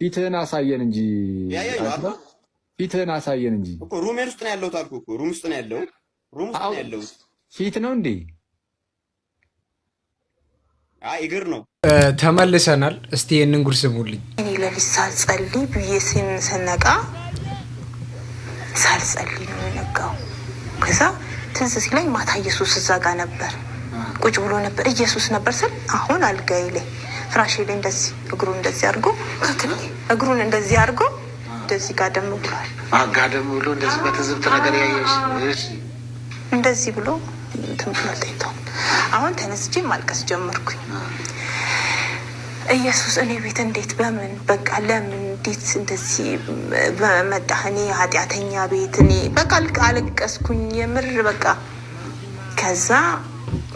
ፊትህን አሳየን እንጂ ፊትህን አሳየን እንጂ። ሩሜ ውስጥ ነው ያለሁት አልኩህ እኮ ሩም ውስጥ ነው ያለው። ሩም ውስጥ ነው ያለው። ፊት ነው እንዴ? አይ እግር ነው። ተመልሰናል። እስቲ ይህንን ጉድ ስሙልኝ። እኔ ለሊት ሳልጸልይ ብዬ ስነቃ ሳልጸልይ ነው የነጋው። ከዛ ትንስ ሲለኝ ማታ ኢየሱስ እዛ ጋ ነበር፣ ቁጭ ብሎ ነበር። ኢየሱስ ነበር ስል አሁን አልጋይ ላይ ፍራሽ ላይ እንደዚህ እግሩ እንደዚህ አድርጎ እግሩን እንደዚህ አድርጎ እንደዚህ ጋደም ብሏል። ጋደም ብሎ እንደዚህ በትዝብት ነገር ያየሽ እንደዚህ ብሎ እንትን አሁን ተነስቼ ማልቀስ ጀመርኩኝ። ኢየሱስ እኔ ቤት እንዴት በምን በቃ ለምን እንዴት እንደዚህ በመጣህ? እኔ ኃጢአተኛ ቤት እኔ በቃ አለቀስኩኝ። የምር በቃ ከዛ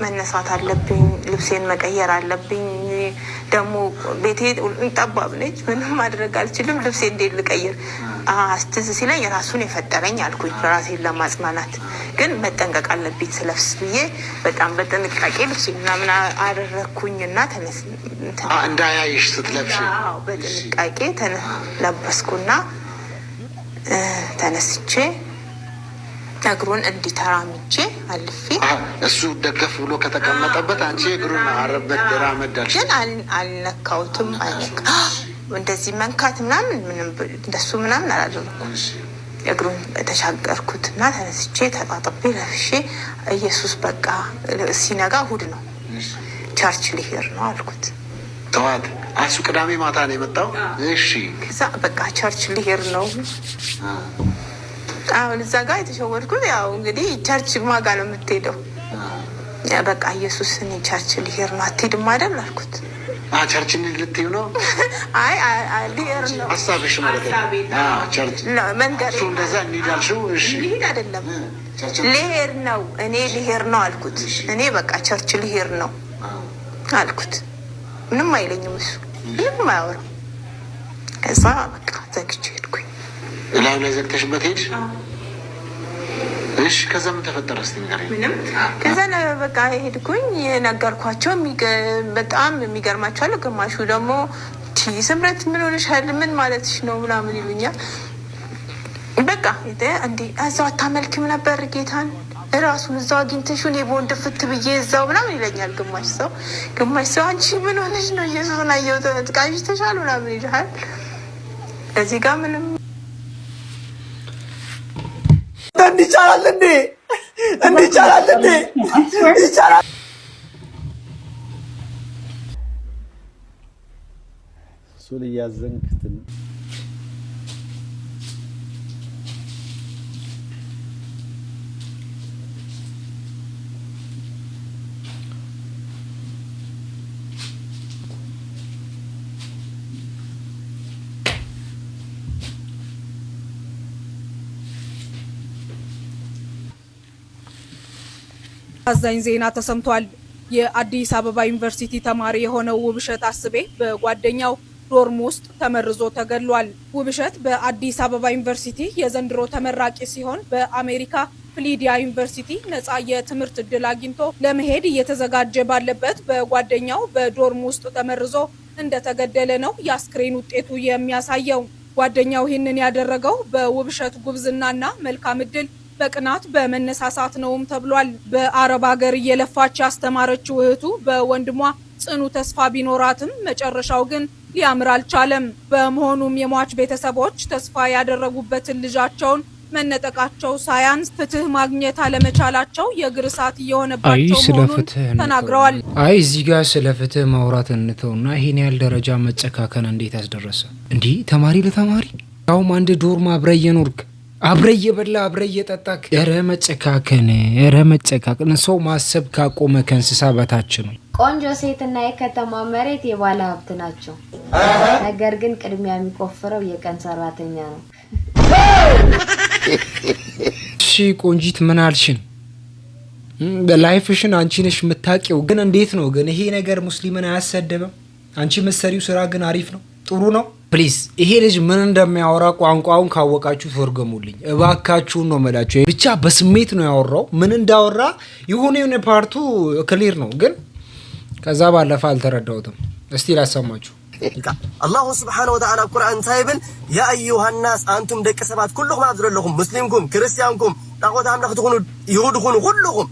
መነሳት አለብኝ፣ ልብሴን መቀየር አለብኝ ደግሞ ቤቴ ጠባብ ነች፣ ምንም ማድረግ አልችልም። ልብሴ እንዴት ልቀይር አስትዝ ሲለኝ ራሱን የፈጠረኝ አልኩኝ ራሴን ለማጽናናት። ግን መጠንቀቅ አለብኝ ስለብስ ብዬ በጣም በጥንቃቄ ልብስ ምናምን አደረግኩኝ እና እንዳያይሽ ስትለብሽ በጥንቃቄ ለበስኩና ተነስቼ እግሩን እንዲተራምቼ አልፌ እሱ ደገፍ ብሎ ከተቀመጠበት አንቺ እግሩን አረበት ደራመዳልሽ። ግን አልነካውትም። አይነካ እንደዚህ መንካት ምናምን ምንም እንደሱ ምናምን አላደረኩም። እግሩን ተሻገርኩት እና ተነስቼ ተጣጥቤ ለፍሼ ኢየሱስ በቃ ሲነጋ እሑድ ነው ቸርች ልሄድ ነው አልኩት። ጠዋት አሱ ቅዳሜ ማታ ነው የመጣው። እሺ በቃ ቸርች ልሄድ ነው አሁን እዛ ጋር የተሸወድኩት ያው እንግዲህ ቸርች ማጋ ነው የምትሄደው። በቃ ኢየሱስን ቸርች ሊሄድ ነው አትሄድም አይደል አልኩት። ቸርች ልትሄድ ነው? አይ ነው ሀሳብሽ ማለት ነው። መንገድ እንደዛ አይደለም ነው እኔ ሊሄድ ነው አልኩት። እኔ በቃ ቸርች ሊሄድ ነው አልኩት። ምንም አይለኝም እሱ ምንም አያወራም። ከዛ በቃ ዘግቼ እላዩ ላይ ዘግተሽበት ሄድሽ። እሺ፣ ከዛ ምን ተፈጠረ? እስኪ ንገሪኝ። ምንም። ከዛ በቃ ሄድኩኝ የነገርኳቸው በጣም የሚገርማቸው አለ። ግማሹ ደግሞ ቲ ስምረት ምን ሆነሻል? ምን ማለትሽ ነው? ምናምን ይሉኛል። በቃ እንዴ እዛው አታመልክም ነበር ጌታን እራሱን እዛው አግኝተሽ እኔ በወንድ ፍት ብዬ እዛው ምናምን ይለኛል። ግማሽ ሰው ግማሽ ሰው አንቺ ምን ሆነሽ ነው ኢየሱስን አየሁት ጥቃሽ ተሻል ምናምን ይልሃል። እዚህ ጋር ምንም አንዳንድ ይቻላል እንዴ? እንዴ እንዴ? ይቻላል እሱን እያዘንክትን አዛኝ ዜና ተሰምቷል። የአዲስ አበባ ዩኒቨርሲቲ ተማሪ የሆነው ውብሸት አስቤ በጓደኛው ዶርም ውስጥ ተመርዞ ተገድሏል። ውብሸት በአዲስ አበባ ዩኒቨርሲቲ የዘንድሮ ተመራቂ ሲሆን በአሜሪካ ፍሊዲያ ዩኒቨርሲቲ ነጻ የትምህርት ዕድል አግኝቶ ለመሄድ እየተዘጋጀ ባለበት በጓደኛው በዶርም ውስጥ ተመርዞ እንደተገደለ ነው የአስክሬን ውጤቱ የሚያሳየው። ጓደኛው ይህንን ያደረገው በውብሸት ጉብዝናና መልካም ዕድል በቅናት በመነሳሳት ነውም ተብሏል። በአረብ ሀገር እየለፋች ያስተማረችው እህቱ በወንድሟ ጽኑ ተስፋ ቢኖራትም መጨረሻው ግን ሊያምር አልቻለም። በመሆኑም የሟች ቤተሰቦች ተስፋ ያደረጉበትን ልጃቸውን መነጠቃቸው ሳያንስ ፍትህ ማግኘት አለመቻላቸው የእግር እሳት እየሆነባቸው መሆኑን ተናግረዋል። አይ እዚህ ጋር ስለ ፍትህ ማውራት እንተውና ይሄን ያህል ደረጃ መጨካከን እንዴት ያስደረሰ እንዲህ ተማሪ ለተማሪ ያውም አንድ ዶርም አብረ እየኖርክ አብረ እየበላ አብረ እየጠጣክ ረ መጨካከን ረ መጨካከን ሰው ማሰብ ካቆመ ከእንስሳ በታች ነው። ቆንጆ ሴትና የከተማ መሬት የባለ ሀብት ናቸው። ነገር ግን ቅድሚያ የሚቆፍረው የቀን ሰራተኛ ነው። እሺ ቆንጂት ምን አልሽን? ላይፍሽን አንቺ ነሽ የምታውቂው። ግን እንዴት ነው ግን ይሄ ነገር ሙስሊምን አያሰደበም? አንቺ መሰሪው ስራ ግን አሪፍ ነው። ጥሩ ነው። ፕሊስ ይሄ ልጅ ምን እንደሚያወራ ቋንቋውን ካወቃችሁ ተርገሙልኝ እባካችሁን ነው መላችሁ። ብቻ በስሜት ነው ያወራው። ምን እንዳወራ የሆነ የሆነ ፓርቱ ክሊር ነው፣ ግን ከዛ ባለፈ አልተረዳሁትም። እስቲ ላሰማችሁ። አላሁ ስብሓነ ወተዓላ ቁርአን እንታይ ይብል? ያ አዩሃ ናስ አንቱም ደቂ ሰባት ኩልኩም ኣብ ሙስሊምኩም ክርስቲያንኩም ጣዖት ኣምለኽቲ ይሁድ ኩኑ ኩልኩም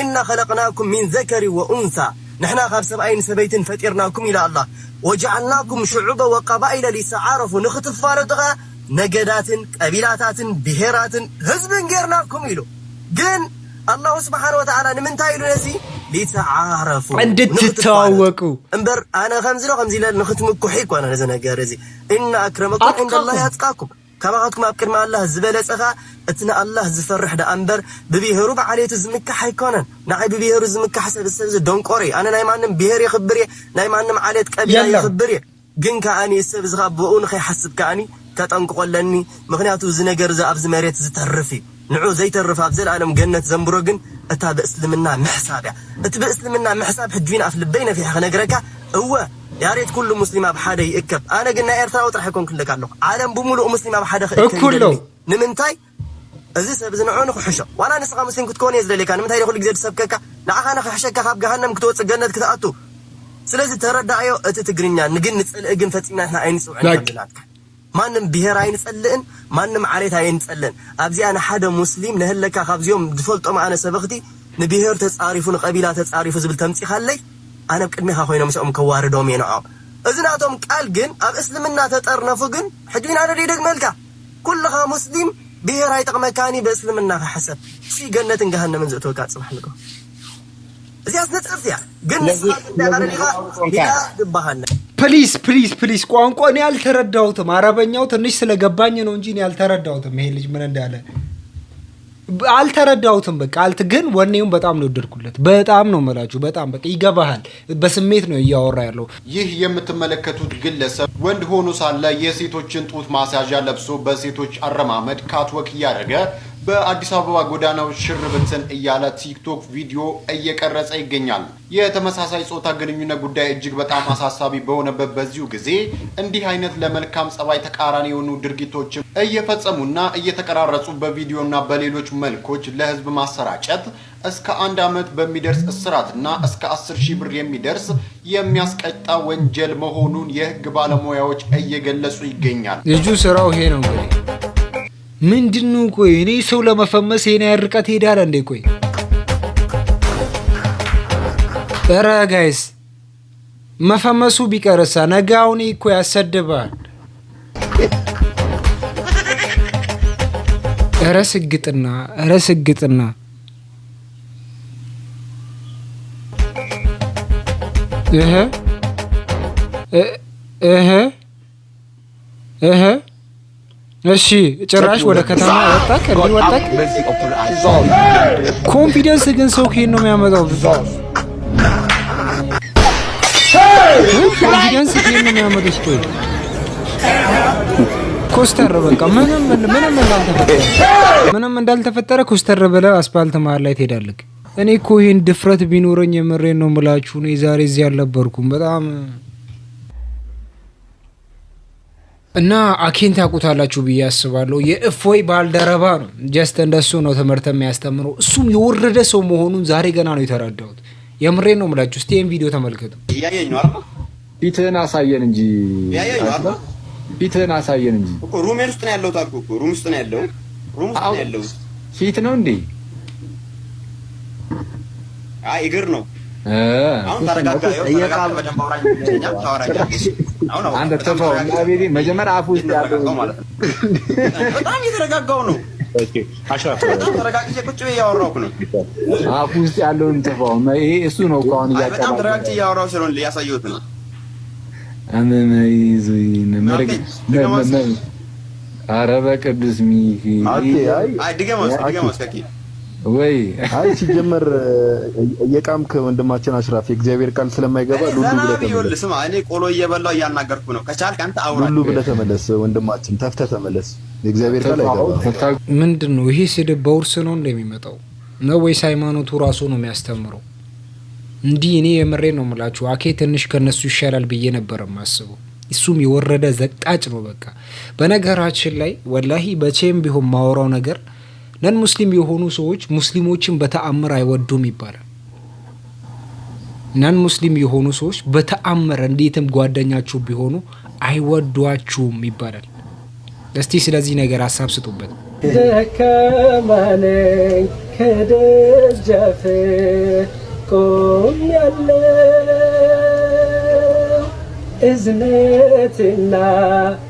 ኢና ኸለቅናኩም ሚን ዘከሪ ወኡንሳ ንሕና ካብ ሰብኣይን ሰበይትን ፈጢርናኩም ኢላ ኣላ ወጀዓልናኩም ሽዑበ ወቀባኢለ ሊተዓረፉ ንኽትፋለጡ ኸ ነገዳትን ቀቢላታትን ብሄራትን ህዝብን ጌርናኩም ኢሉ ግን ኣላሁ ስብሓን ወተዓላ ንምንታይ ኢሉ ነዚ ሊተዓረፉ እንድትተዋወቁ እምበር ኣነ ከምዚ ሎ ከምዚ ኢለ ንኽትምኩሑ ይኮነ እዚ ነገር እዚ እና ኣክረመኩም ዕንደላ ኣጥቃኩም ካብኣኻትኩም ኣብ ቅድሚ ኣላህ ዝበለፀኻ እቲ ንኣላህ ዝፈርሕ ዳኣ እምበር ብብሄሩ ብዓልየቱ ዝምካሕ ኣይኮነን ንዓይ ብብሄሩ ዝምካሕ ሰብሰብ ደንቆር እዩ ኣነ ናይ ማንም ብሄር ይኽብር እየ ናይ ማንም ዓልየት ቀቢላ ይኽብር እየ ግን ከኣኒ ሰብ እዚኻ ብኡ ንኸይሓስብ ከኣኒ ከጠንቅቆለኒ ምክንያቱ እዚ ነገር እዚ ኣብዚ መሬት ዝተርፍ እዩ ንዑ ዘይተርፍ ኣብ ዘለኣሎም ገነት ዘንብሮ ግን እታ ብእስልምና ምሕሳብ እያ እቲ ብእስልምና ምሕሳብ ሕጂን ኣፍ ልበይ ነፊሕ ክነግረካ እወ ያሬት ኩሉ ሙስሊም ኣብ ሓደ ይእከብ ኣነ ግን ናይ ኤርትራዊ ጥራሕ ኮንክ ንደቂ ኣለኹ ዓለም ብሙሉእ ሙስሊም ኣብ ሓደ ክእከብሎ ንምንታይ እዚ ሰብ እዚ ንዑ ንክሕሾ ዋላ ንስኻ ሙስሊም ክትከውን እየ ዝደልየካ ንምንታይ ደ ኩሉ ግዜ ድሰብከካ ንዓኻ ንክሕሸካ ካብ ገሃንም ክትወፅእ ገነት ክትኣቱ ስለዚ ተረዳእዮ እቲ ትግርኛ ንግን ንፅልእ ግን ፈፂምና ንሕና ኣይንፅውዕንናትካ ማንም ብሄር ኣይንፀልእን ማንም ዓሌት ኣይንፀልእን ኣብዚኣ ንሓደ ሙስሊም ንህለካ ካብዚኦም ዝፈልጦም ኣነ ሰበኽቲ ንብሄር ተፃሪፉ ንቀቢላ ተፃሪፉ ዝብል ተምፂኻለይ ኣነ ኣብ ቅድሚኻ ኮይኖም ምስኦም ከዋርዶም እየ ንዖም እዚ ናቶም ቃል ግን ኣብ እስልምና ተጠርነፉ ግን ሕጂ ናደደ ይደግመልካ ኩልኻ ሙስሊም ብሄር ኣይጠቕመካኒ ብእስልምና ካሓሰብ ሲ ገነትን ገሃነምን ዘእተወካ ፅባሕ ንጎ እዚያስ ነፅርት እያ ግን ንስኻዳሪኻ ፕሊስ ፕሊስ ፕሊስ ቋንቋ እኔ አልተረዳሁትም። አረበኛው ትንሽ ስለገባኝ ነው እንጂ እኔ አልተረዳሁትም ይሄ ልጅ ምን እንዳለ አልተረዳሁትም። በቃ አልት ግን ወኔውን በጣም ነው ወደድኩለት። በጣም ነው መላችሁ። በጣም በቃ ይገባሃል። በስሜት ነው እያወራ ያለው። ይህ የምትመለከቱት ግለሰብ ወንድ ሆኖ ሳለ የሴቶችን ጡት ማስያዣ ለብሶ በሴቶች አረማመድ ካትወክ እያደረገ በአዲስ አበባ ጎዳናዎች ሽር ብትን እያለ ቲክቶክ ቪዲዮ እየቀረጸ ይገኛል። የተመሳሳይ ጾታ ግንኙነት ጉዳይ እጅግ በጣም አሳሳቢ በሆነበት በዚሁ ጊዜ እንዲህ አይነት ለመልካም ጸባይ ተቃራኒ የሆኑ ድርጊቶችን እየፈጸሙና እየተቀራረጹ በቪዲዮና በሌሎች መልኮች ለህዝብ ማሰራጨት እስከ አንድ ዓመት በሚደርስ እስራትና እስከ አስር ሺህ ብር የሚደርስ የሚያስቀጣ ወንጀል መሆኑን የህግ ባለሙያዎች እየገለጹ ይገኛል። ልጁ ስራው ይሄ ነው እንግዲህ ምንድን ነው ቆይ እኔ ሰው ለመፈመስ የኔ ርቀት ሄዳለ እንዴ? ቆይ ኧረ ጋይስ መፈመሱ ቢቀርሳ ነገ አሁን እኮ ያሰድባል። ኧረ ስግጥና ኧረ ስግጥና እህ እህ እህ እሺ ጭራሽ ወደ ከተማ ወጣ እንዴ ወጣክ? ኮንፊደንስ ግን ሰው ከየት ነው የሚያመጣው? ኮንፊደንስ ከየት ነው የሚያመጣው? ስቶይ ኮስተር በቃ ምንም ምንም እንዳልተፈጠረ ምንም እንዳልተፈጠረ ኮስተር ብለህ አስፓልት መሀል ላይ ትሄዳለህ። እኔ እኮ ይሄን ድፍረት ቢኖረኝ የምሬን ነው የምላችሁ፣ እኔ ዛሬ እዚህ አልነበርኩም በጣም እና አኬን ታውቁታላችሁ ብዬ አስባለሁ። የእፎይ ባልደረባ ነው። ጀስት እንደሱ ነው ትምህርት የሚያስተምረው። እሱም የወረደ ሰው መሆኑን ዛሬ ገና ነው የተረዳሁት። የምሬ ነው የምላችሁ። እስቲ ይህን ቪዲዮ ተመልከቱ። ፊትህን አሳየን እንጂ ፊትህን አሳየን እንጂ ሩሜን ውስጥ ነው ያለው። ታልኩ ሩም ውስጥ ነው ያለው። ሩም ውስጥ ነው ያለው። ፊት ነው እንዴ? አይ እግር ነው። አሁን ተረጋጋ። አንተ ተፋው እና ቤቴ መጀመሪያ አፉ ውስጥ ያለው ማለት ነው። በጣም እየተረጋጋው ነው። አፉ ውስጥ ያለውን ተፋው ነው። ይሄ እሱ ነው እኮ አሁን እያቀረበ ነው። አመነ በቅዱስ ሚኪ አይ ድገመው ድገመው ወይ አይ ሲጀመር እየቃምክ ወንድማችን አሽራፍ የእግዚአብሔር ቃል ስለማይገባ ሉሉ ብለህ ተመለስ። ስማ እኔ ቆሎ እየበላሁ እያናገርኩ ነው። ከቻልክ አንተ አውራ። ሉሉ ብለህ ተመለስ ወንድማችን፣ ተፍተህ ተመለስ። የእግዚአብሔር ቃል አይገባ። ምንድን ነው ይሄ ስድብ? በውርስ ነው እንደሚመጣው ነው ወይስ ሃይማኖቱ ራሱ ነው የሚያስተምረው? እንዲህ እኔ የምሬ ነው የምላችሁ። አኬ ትንሽ ከነሱ ይሻላል ብዬ ነበር የማስበው። እሱም የወረደ ዘቅጣጭ ነው በቃ። በነገራችን ላይ ወላሂ በቼም ቢሆን ማወራው ነገር ነን ሙስሊም የሆኑ ሰዎች ሙስሊሞችን በተአምር አይወዱም ይባላል። ነን ሙስሊም የሆኑ ሰዎች በተአምር እንዴትም ጓደኛችሁ ቢሆኑ አይወዷችሁም ይባላል። እስቲ ስለዚህ ነገር ሀሳብ ስጡበት። ደከማነኝ ከደጃፍ ቆም እዝነትና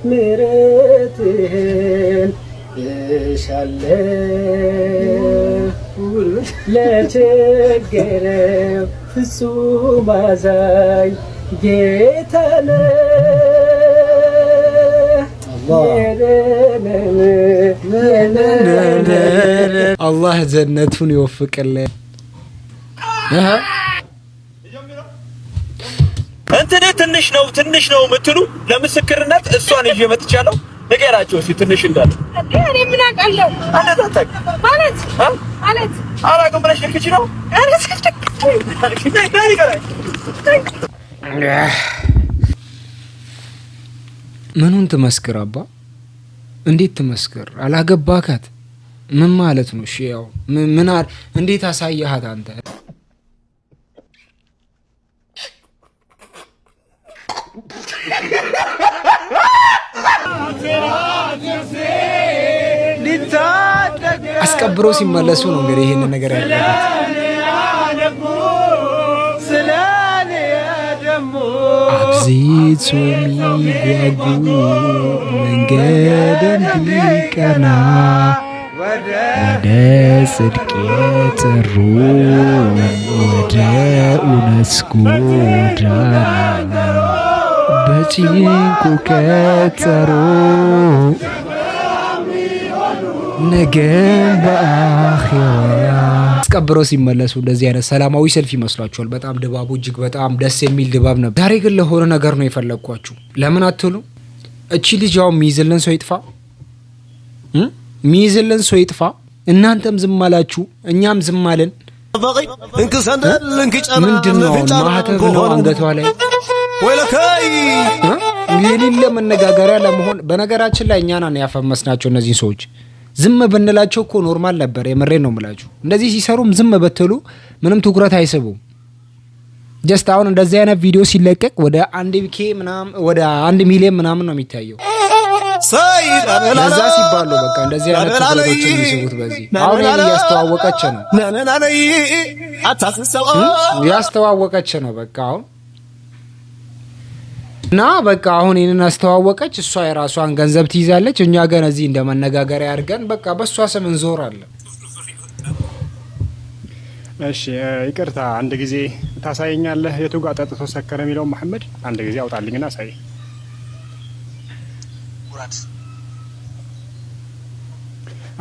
ምረትህን እሻለሁ ለቸገረው ፍጹም አዛኝ ጌታ አላህ ጀነቱን ይወፍቅልን። እንትኔ ትንሽ ነው ትንሽ ነው የምትሉ ለምስክርነት እሷን ይዤ መጥቻለሁ። ንገራቸው እስኪ ትንሽ እንዳለ እኔ ምን አውቃለሁ ማለት ማለት አላውቅም ብለሽ ልክች ነው ምኑን ትመስክር አባ እንዴት ትመስክር አላገባካት ምን ማለት ነው እሺ ያው ምን እንዴት አንተ አስቀብሮ ሲመለሱ ነው እንግዲህ ይህንን ነገር አብዝቶ የሚጓጉ መንገድ እንዲቀና ወደ ጽድቅ ወደ እውነት ጎዳና በጭንቁ ቀጠሮ ነገ አስቀብረው ሲመለሱ እንደዚህ አይነት ሰላማዊ ሰልፍ ይመስሏችኋል? በጣም ድባቡ እጅግ በጣም ደስ የሚል ድባብ ነበር። ዛሬ ግን ለሆነ ነገር ነው የፈለግኳችሁ። ለምን አትሉ? እቺ ልጅ ያው የሚይዝልን ሰው ይጥፋ፣ የሚይዝልን ሰው ይጥፋ። እናንተም ዝም አላችሁ፣ እኛም ዝም አለን። ምንድን ነው ማህተብ ነው አንገቷ ላይ የሌለ መነጋገሪያ ለመሆን። በነገራችን ላይ እኛና ያፈመስናቸው እነዚህን ሰዎች ዝም ብንላቸው እኮ ኖርማል ነበር። የመሬ ነው ምላችሁ። እንደዚህ ሲሰሩም ዝም ብትሉ ምንም ትኩረት አይስቡም። ጀስት አሁን እንደዚህ አይነት ቪዲዮ ሲለቀቅ ወደ አንድ ኬ ምናምን ወደ አንድ ሚሊዮን ምናምን ነው የሚታየው። ለዛ ሲባሉ በቃ እንደዚህ አይነት ትኩረቶች የሚስቡት በዚህ አሁን እያስተዋወቀች ነው፣ ያስተዋወቀች ነው በቃ አሁን እና በቃ አሁን ይህንን አስተዋወቀች። እሷ የራሷን ገንዘብ ትይዛለች። እኛ ገን እዚህ እንደ መነጋገሪያ አድርገን በቃ በእሷ ስም እንዞራለን። እሺ ይቅርታ፣ አንድ ጊዜ ታሳየኛለህ? የቱ ጋር ጠጥቶ ሰከረ የሚለው መሐመድ፣ አንድ ጊዜ አውጣልኝና አሳይ።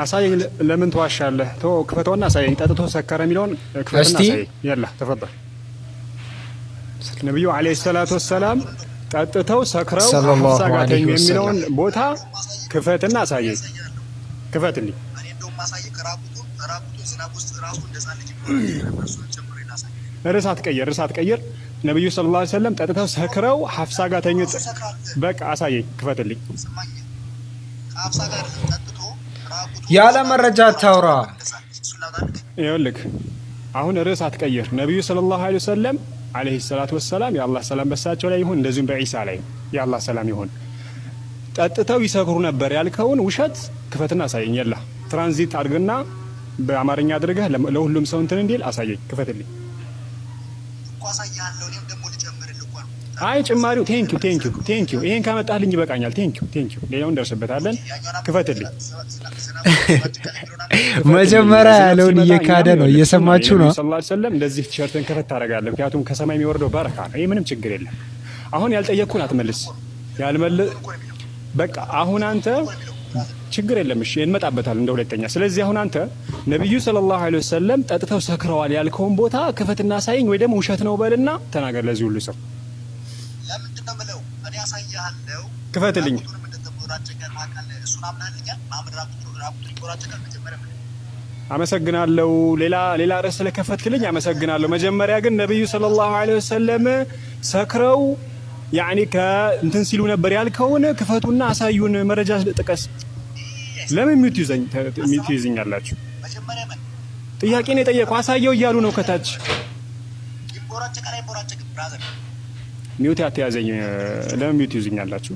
አሳየኝ። ለምን ትዋሻለህ? ተወው፣ ክፈተውና አሳይ። ጠጥቶ ሰከረ የሚለውን ክፈትና አሳየኝ። የለ ተፈበል ነቢዩ አለይሂ ሰላቱ ወሰላም ጠጥተው ሰክረው ከሀፍሳ ጋር ተኙ የሚለውን ቦታ ክፈትና አሳየኝ። ክፈትልኝ። ርዕስ አትቀይር፣ ርዕስ አትቀይር። ነቢዩ ስለ ላ ሰለም ጠጥተው ሰክረው ሀፍሳ ጋር ተኙ። በቃ አሳየኝ፣ ክፈትልኝ። ያለ መረጃ አታውራ። ይኸውልህ አሁን ርዕስ አትቀይር። ነቢዩ ሰለላሁ ዐለይሂ ወሰለም ዓለይሂ ሰላት ወሰላም የአላህ ሰላም በሳቸው ላይ ይሁን፣ እንደዚሁም በዒሳ ላይ የአላህ ሰላም ይሁን። ጠጥተው ይሰክሩ ነበር ያልከውን ውሸት ክፈትና አሳየኝ። የላ ትራንዚት አድርግና በአማርኛ አድርገህ ለሁሉም ሰው እንትን እንዲል አሳየኝ፣ ክፈትልኝ። አይ ጭማሪው ቴንኪው ቴንኪው ቴንኪው፣ ይሄን ካመጣልኝ ይበቃኛል። ቴንኪው ቴንኪው፣ ሌላውን እንደርስበታለን ክፈትልኝ መጀመሪያ ያለውን እየካደ ነው። እየሰማችሁ ነው። ሰለም እንደዚህ ቲሸርትን ክፍት ታደርጋለህ። ምክንያቱም ከሰማይ የሚወርደው በረካ ነው። ይህ ምንም ችግር የለም። አሁን ያልጠየቅኩን አትመልስ። በቃ አሁን አንተ ችግር የለም። እሺ እንመጣበታል እንደ ሁለተኛ። ስለዚህ አሁን አንተ ነቢዩ ሰለላሁ ዐለይሂ ወሰለም ጠጥተው ሰክረዋል ያልከውን ቦታ ክፈትና ሳይኝ ወይ ደግሞ ውሸት ነው በልና ተናገር። ለዚህ ሁሉ ሰው ክፈትልኝ አመሰግናለሁ። ሌላ ሌላ ርዕስ ስለከፈትክልኝ አመሰግናለሁ። መጀመሪያ ግን ነብዩ ሰለላሁ ዐለይሂ ወሰለም ሰክረው ያኔ ከእንትን ሲሉ ነበር ያልከውን ክፈቱና አሳዩን። መረጃ ጥቀስ። ለምን ይዘኝ ሚውት ይዘኛላችሁ? ጥያቄ ነው የጠየቁ። አሳየው እያሉ ነው ከታች። ሚውት አትያዘኝ። ለምን ሚውት ይዘኛላችሁ?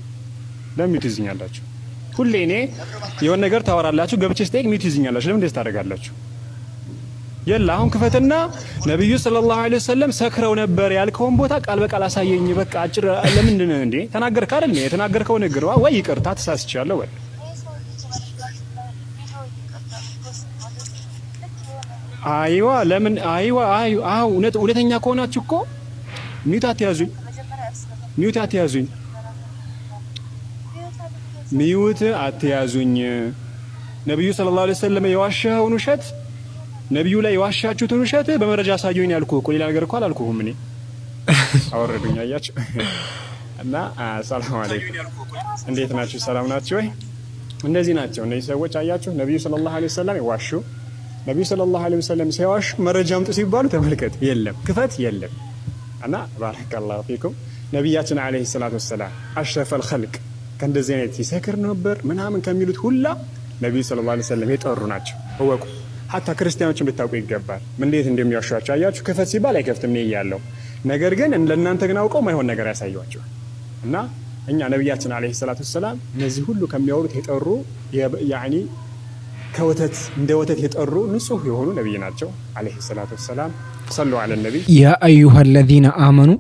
ለምን ሚውት ይዘኛላችሁ? ሁሌ እኔ የሆነ ነገር ታወራላችሁ፣ ገብቼ ስጠይቅ ሚት ይዝኛላችሁ። ለምን እንደዚህ ታደርጋላችሁ? የለ አሁን ክፈትና ነብዩ ሰለላሁ ዐለይሂ ወሰለም ሰክረው ነበር ያልከውን ቦታ ቃል በቃል አሳየኝ። በቃ አጭር ለምንድን እንዴ ተናገርክ አይደል? የተናገርከው ነገር ወይ ይቅርታ ተሳስቻለሁ ወይ አይዋ ለምን አይዋ አይ እውነተኛ ከሆናችሁ እኮ ሚውት አትያዙኝ፣ ሚውት አትያዙኝ። ሚዩት አትያዙኝ። ነቢዩ ሰለላሁ ዐለይሂ ወሰለም የዋሸኸውን ውሸት ነቢዩ ላይ የዋሻችሁትን ውሸት በመረጃ አሳዩኝ ያልኩህ እኮ ሌላ ነገር እኮ አላልኩህም። እኔ አወረዱኝ። አያችሁ እና ሰላም አለይኩም፣ እንዴት ናችሁ? ሰላም ናችሁ ወይ? እንደዚህ ናቸው እነዚህ ሰዎች። አያችሁ ነቢዩ ሰለላሁ ዐለይሂ ወሰለም ይዋሹ፣ ነቢዩ ሰለላሁ ዐለይሂ ወሰለም ሲዋሹ መረጃ አምጡ ሲባሉ ተመልከት፣ የለም ክፈት፣ የለም እና ባረከላሁ ፊኩም ነቢያችን ዐለይሂ ሰላቱ ወሰላም አሽረፈል ኸልቅ ከእንደዚህ አይነት ይሰክር ነበር ምናምን ከሚሉት ሁላ ነቢዩ ስለ ላ ወሰለም የጠሩ ናቸው። እወቁ። ሀታ ክርስቲያኖችን ብታውቁ ይገባል። እንዴት እንደሚያሸቸው አያችሁ። ክፈት ሲባል አይከፍትም እያለው ነገር ግን ለእናንተ ግን አውቀው ማይሆን ነገር ያሳያቸዋል። እና እኛ ነቢያችን ዐለይሂ ሰላቱ ወሰላም እነዚህ ሁሉ ከሚያወሩት የጠሩ ያኒ ከወተት እንደ ወተት የጠሩ ንጹህ የሆኑ ነቢይ ናቸው ዐለይሂ ሰላቱ ወሰላም። ሰሉ አለ ነቢይ ያ አዩሃ ለዚነ አመኑ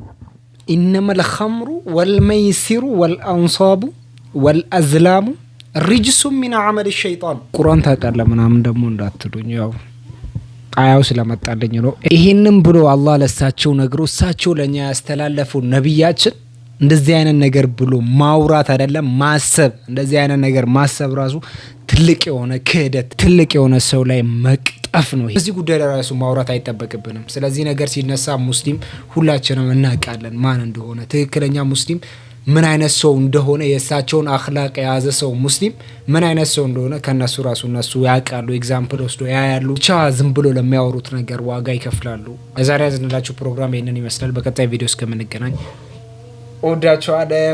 ኢነመል ኸምሩ ወልመይሲሩ ወልአንሳቡ ወልአዝላሙ ሪጅሱ ሚን አመል ሸይጣን ቁርአን ታውቃለህ ምናምን ደግሞ እንዳትሉኝ ያው አያው ስለመጣልኝ ነው። ይህንም ብሎ አላህ ለእሳቸው ነግሮ እሳቸው ለእኛ ያስተላለፈው ነቢያችን እንደዚህ አይነት ነገር ብሎ ማውራት አይደለም ማሰብ፣ እንደዚህ አይነት ነገር ማሰብ ራሱ ትልቅ የሆነ ክህደት፣ ትልቅ የሆነ ሰው ላይ መቅጠፍ ነው። በዚህ ጉዳይ ላይ ራሱ ማውራት አይጠበቅብንም። ስለዚህ ነገር ሲነሳ ሙስሊም ሁላችንም እናውቃለን ማን እንደሆነ ትክክለኛ ሙስሊም ምን አይነት ሰው እንደሆነ የእሳቸውን አክላቅ የያዘ ሰው ሙስሊም ምን አይነት ሰው እንደሆነ ከነሱ ራሱ እነሱ ያውቃሉ። ኤግዛምፕል ወስዶ ያያሉ። ብቻ ዝም ብሎ ለሚያወሩት ነገር ዋጋ ይከፍላሉ። ለዛሬ ያዝንላችሁ ፕሮግራም ይህንን ይመስላል። በቀጣይ ቪዲዮ እስከምንገናኝ እወዳችኋለሁ።